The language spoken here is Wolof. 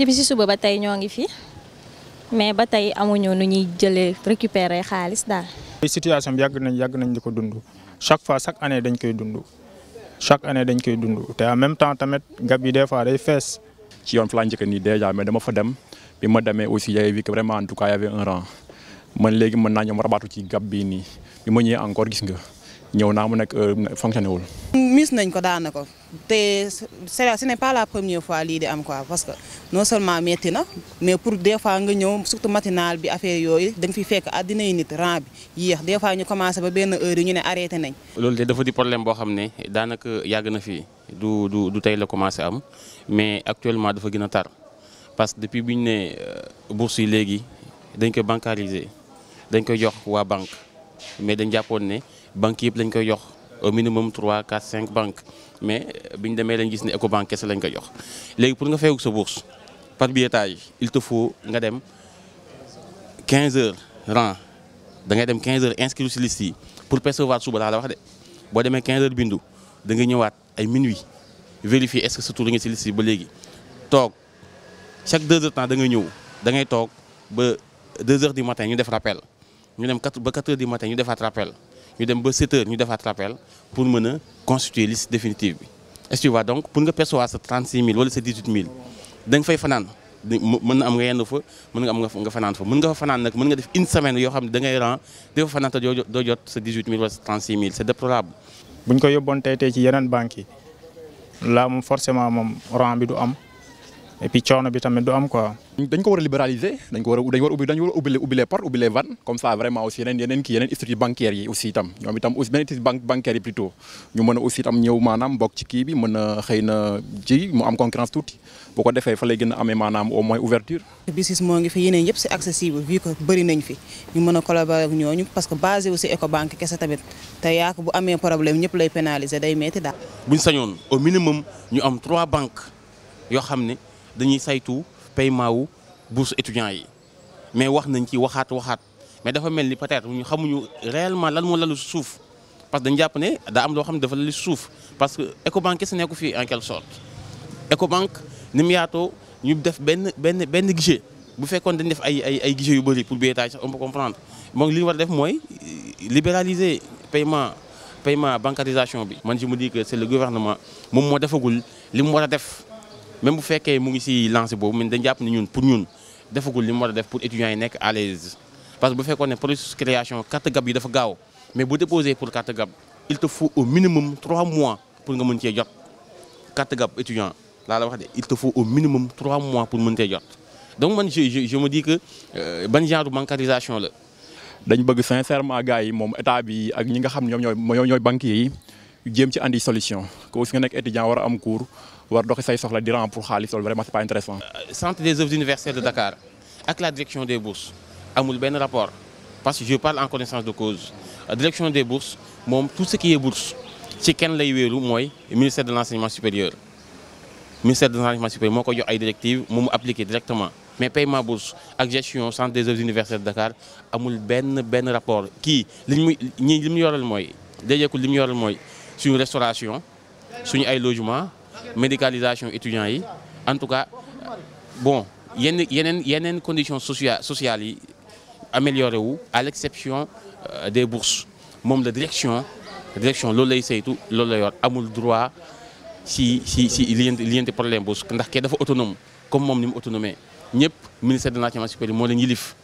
depuis si suba ba tey ñoo ngi fi mais ba tey amuñu nu ñuy jëlee récupérer xaalis daal. situation bi yàgg nañ yàgg nañ di ko dund chaque fois chaque année dañ koy dund chaque année dañ koy dund te en même temps tamit gab yi des fois day fees. ci yoon Fala njëkk nii déjà mais dama fa dem bi ma demee aussi yaay wi que vraiment en tout cas y avait man léegi mën naa ñoom rabaatu ci gab bii nii bi ma ñëwee encore gis nga. ñëw naa mu nekk euh, fonctionné wul. mis nañ ko daanaka te ce n'est pas la première fois lii de am quoi parce que non seulement metti na mais pour des fois nga ñëw surtout matinale bi affaire yooyu da nga fi fekk addina yi nit rang bi yéex des fois ñu commencé ba benn heure yi ñu ne arrêté nañ. loolu de dafa di problème boo xam ne daanaka yàgg na fii du du du tey la commencé am mais actuellement dafa gin a tar parce que depuis bi ñu ne euh, bourse yi léegi dañ ko bancariser dañ koy jox waa banque. mais dañ jàppoon ne banque yëpp lañ koy jox au minimum 3 4 cinq banques mais biñ demee lañ gis ne Ecobank kese lañ koy jox. léegi pour nga fayu sa bourse par billetage il te faut nga dem quinze heures rang da ngay dem 15 heures inscrit si liste yi pour suba laa la wax boo demee 15 heures bindu da nga ñëwaat ay minuit vérifier est-ce que sa tur nga si ba léegi toog chaque deux heures temps da nga ñëw da ngay toog ba deux heures du matin ñu def rappel. ñu dem quatre ba 4 heures du matin ñu defaat rappel ñu dem ba 7 heures ñu defaat rappel pour mën a constituer liste définitive bi est-ce donc pour nga percevoir sa 36000 wala sa 18000 da nga fay fanaan mën na am nga yenn fa mën nga am nga fanaan fa mën nga def une semaine yoo xam ne da ngay dafa fanaan doo jot sa 18000 wala sa 36000 c'est déplorable. bu ñu yóbboon tey tey ci yeneen banques yi là moom forcément moom rang bi du am. et puis coono bi tamit du am quoi. dañ ko war a libéraliser dañ ko war a dañ war a ubbi dañ a ubbi comme ça vraiment aussi yeneen yeneen yeneen institut bancaires yi aussi itam ñu mën a aussi itam ñëw maanaam bokk ci kii am concurrence tuuti boo ko defee fa lay gën a amee maanaam au moins ouverture BICIS moo ngi fi yeneen yëpp c'est accessible vu que bëri nañ fi ñu mën a collaborer ak ñooñu parce que basé aussi Ecobank kese tamit te yaak bu amee problème ñëpp lay pénaliser day metti daal buñ sañoon au minimum ñu am trois banques yoo xam ne dañuy saytu paiement wu bourse étudiants yi mais wax nañ ci waxaat waxaat mais dafa mel ni peut-être ñu xamuñu réellement lan moo lalu suuf parce que dañu jàpp ne daa loo xam ne dafa lalu suuf parce que Ecobank kese nekku fii en quelque sorte Ecobank ni mu yaatoo ñu def benn benn benn guichet bu fekkoon dañ def ay ay ay guichet yu bëri pour billetage sax on comprendre moom li ñu war a def mooy euh, libéraliser paiement paiement bancarisation bi man je me dis que c'est le gouvernement moom moo defagul li mu war a def même bu fekkee mu ngi si lancé boobu ñun dañ jàpp ne ñun pour ñun defagul li mu war a def pour étudiants yi nekk à parce que bu fekkoon ne processus création carte gab yi dafa gaaw mais bu déposé pour carte gab il te faut au minimum 3 mois pour nga mën cee jot carte gab étudiant laa la wax de il te faut au mois pour mën cee jot donc man je je je me dis que euh, ban genre bancarisation la. dañ bëgg sincèrement gars yi moom état bi ak ñi nga xam ñoom ñooy ñooy banquiers yi jéem ci andi solution ko si nga nekk étudiant war a am cours. war doxi say soxla di rendre pour xaalis loolu vraiment c'est pas intéressant euh, centre des œuvres universitaires de Dakar ak la direction des bourses amul benn rapport parce que je parle en connaissance de cause euh, direction des bourses moom tout ce qui est bourse ci kenn lay wéeru mooy ministère de l'enseignement supérieur ministère de l'enseignement supérieur moo ko jox ay directives mu mu appliqué directement mais paiement bourse ak gestion centre des œuvres universitaires de Dakar amul benn benn rapport kii li muy ñii li mu yoral mooy déjeekul li mooy suñu restauration suñu médicalisation étudiants yi en tout cas bon yenn yeneen yeneen conditions sociales sociales yi amélioré wu à l'exception euh, des bourses moom la direction direction loolu lay saytu loolu lay yor amul droit si si si liyante problème bourse ndax ke dafa autonome comme moom ni mu autonome ñëpp ministère de l'enseignement supérieur moo leen yilif